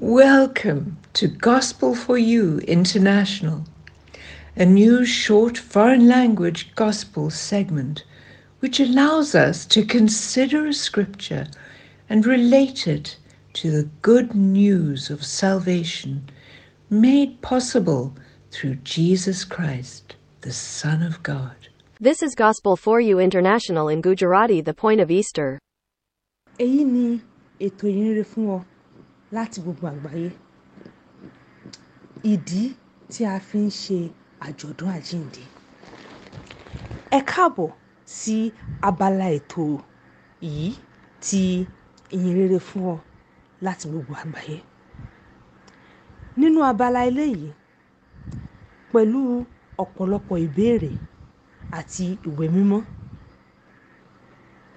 Welcome to Gospel for You International, a new short foreign language gospel segment which allows us to consider a scripture and relate it to the good news of salvation made possible through Jesus Christ, the Son of God. This is Gospel for You International in Gujarati, the point of Easter. láti gbogbo àgbáyé. Ìdí tí a fi ń ṣe àjọ̀dún àjíǹde. Ẹ káàbọ̀ sí abala ètò yìí ti ìyìn rere fún ọ láti gbogbo àgbáyé. Nínú abala eléyìí, pẹ̀lú ọ̀pọ̀lọpọ̀ ìbéèrè àti ìwé mímọ́,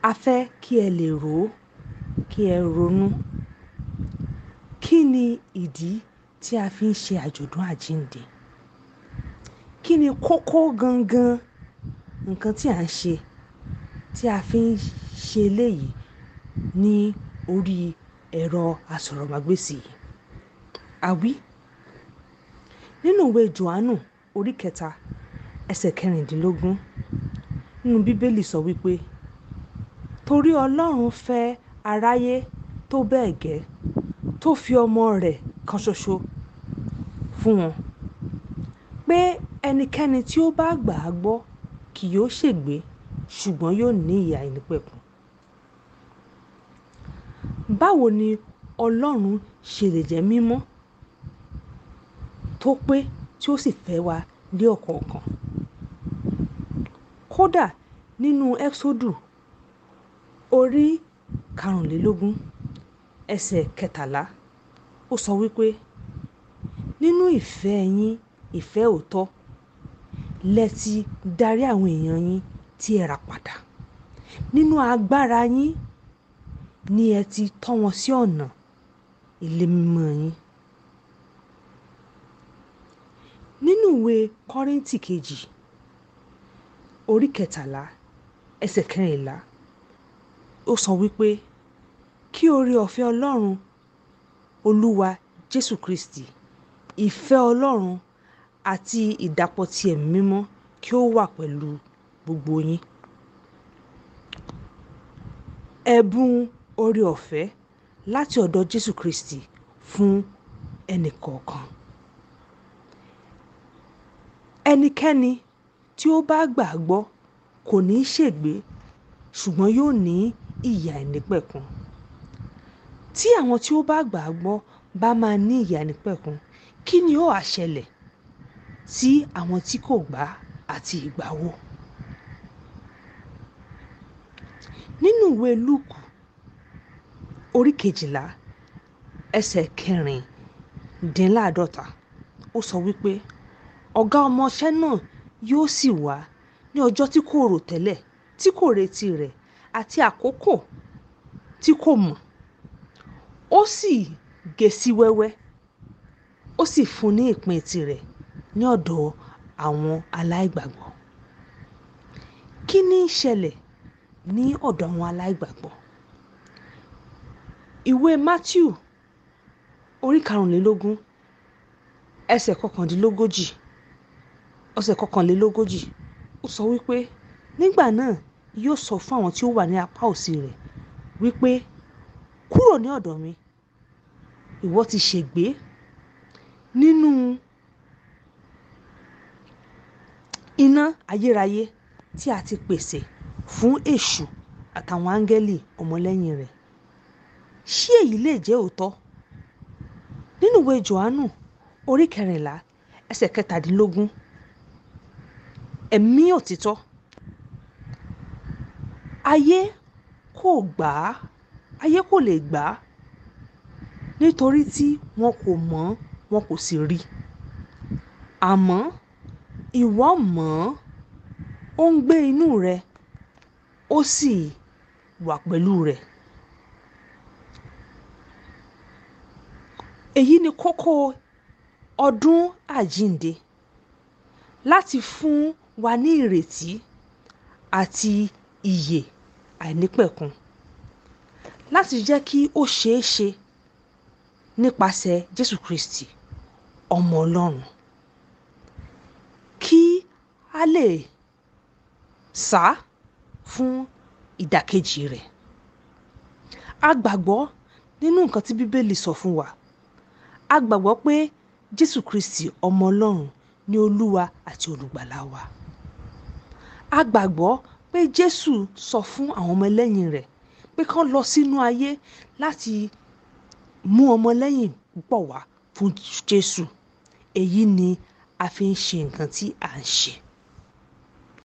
a fẹ́ kí ẹ lè rò ó, kí ẹ ronú Kí ni ìdí tí a fi ń ṣe àjọ̀dún àjíǹde? Kí ni kókó gangan nǹkan tí à ń ṣe tí a fi ń ṣe eléyìí ní orí ẹ̀rọ asọ̀rọ̀mágbèsì yìí? Àwí, nínú ìwé Jòhánù orí kẹta, ẹsẹ̀ kẹrìndínlógún nínú Bíbélì sọ wípé, torí Ọlọ́run fẹ́ aráyé tó bẹ́ẹ̀ gẹ́ tó fi ọmọ rẹ̀ kan ṣoṣo fún wọn pé ẹnikẹ́ni tí ó bá gbà á gbọ́ kì yóò ṣègbé ṣùgbọ́n yóò ní ìyà ìnípẹ̀kun. báwo ni ọlọ́run ṣe lè jẹ́ mímọ́ tó pé tí ó sì fẹ́ wa lé ọ̀kọ̀ọ̀kan kódà nínú ẹ́ksódù orí karùnlélógún ẹsẹ̀ kẹtàlá ó sọ wípé nínú ìfẹ́ yín ìfẹ́ òótọ́ lẹ ti darí àwọn èèyàn yín tí ẹ rà padà nínú agbára yín ni ẹ ti tọ́ wọn sí ọ̀nà ilé mímọ́ yín. nínú ìwé kọ́ríntì kejì orí kẹtàlá ẹsẹ̀ kẹrìnlá ó sọ wípé kí oore ọ̀fẹ́ ọlọ́run olúwa jésù kristi ìfẹ́ ọlọ́run àti ìdàpọ̀ ti ẹ̀mí mímọ́ kí ó wà pẹ̀lú gbogbo yín ẹ̀bùn oore ọ̀fẹ́ láti ọ̀dọ̀ jésù kristi fún ẹnìkọ̀ọ̀kan ẹnikẹ́ni tí ó bá gbàgbọ́ kò ní í ṣègbé ṣùgbọ́n yóò ní ìyà ẹ̀nípẹ̀kun tí àwọn tí ó bá gbà á gbọ́ bá máa ní ìyànípẹ̀kun kí ni ó àṣẹlẹ̀ sí àwọn tí kò gbà àti ìgbà wo. nínú ìwé lúùkù orí kejìlá ẹsẹ̀ kẹrìndínláàdọ́ta ó sọ wípé ọ̀gá ọmọọṣẹ́ náà yóò sì wá ní ọjọ́ tí kò rò tẹ́lẹ̀ tí kò retí rẹ̀ àti àkókò tí kò mọ̀ ó sì gé sí wẹ́wẹ́ ó sì fún ní ìpín tirẹ̀ ní ọ̀dọ̀ àwọn aláìgbàgbọ́ kí ni í ṣẹlẹ̀ ní ọ̀dọ̀ àwọn aláìgbàgbọ́ ìwé Matthew orí karùnlélógún ẹsẹ̀ kọkàndínlógójì ọsẹ̀ kọkànlélógójì ó sọ wípé nígbà náà yóò sọ fún àwọn tí ó wà ní apá òsì rẹ̀ wípé kúrò ní ọ̀dọ̀ mi ìwọ ti ṣègbé nínú iná ayérayé tí a ti pèsè fún èṣù àtàwọn áńgẹ́lì ọmọlẹ́yìn rẹ̀ ṣé èyí lè jẹ́ òótọ́ nínú ìwé johannu orí kẹrìnlá ẹsẹ̀ kẹtàdínlógún ẹ̀mí òtítọ́ ayé kò gbà á ayé kò lè gbà á nítorí tí wọn kò mọ̀ wọn kò sì rí àmọ́ ìwọ mọ̀ ó ń gbé inú rẹ ó sì wà pẹ̀lú rẹ. èyí ni kókó ọdún àjíǹde láti fún wa ní ìrètí àti ìyè àìnípẹ̀kun láti jẹ́ kí ó ṣeé nípasẹ̀ Jésù Kristi ọmọ Ọlọ́run kí a lè sá fún ìdàkejì rẹ̀ a gbàgbọ́ nínú nǹkan tí Bíbélì sọ fún wa a gbàgbọ́ pé Jésù Kristi ọmọ Ọlọ́run ni Olúwa àti Olùgbàlà wa a gbàgbọ́ pé Jésù sọ fún àwọn ọmọ ẹlẹ́yìn rẹ̀ pé kán lọ sínú ayé láti mú ọmọlẹ́yìn púpọ̀ wá fún Jésù èyí ni a fi ń ṣe nǹkan tí à ń ṣe.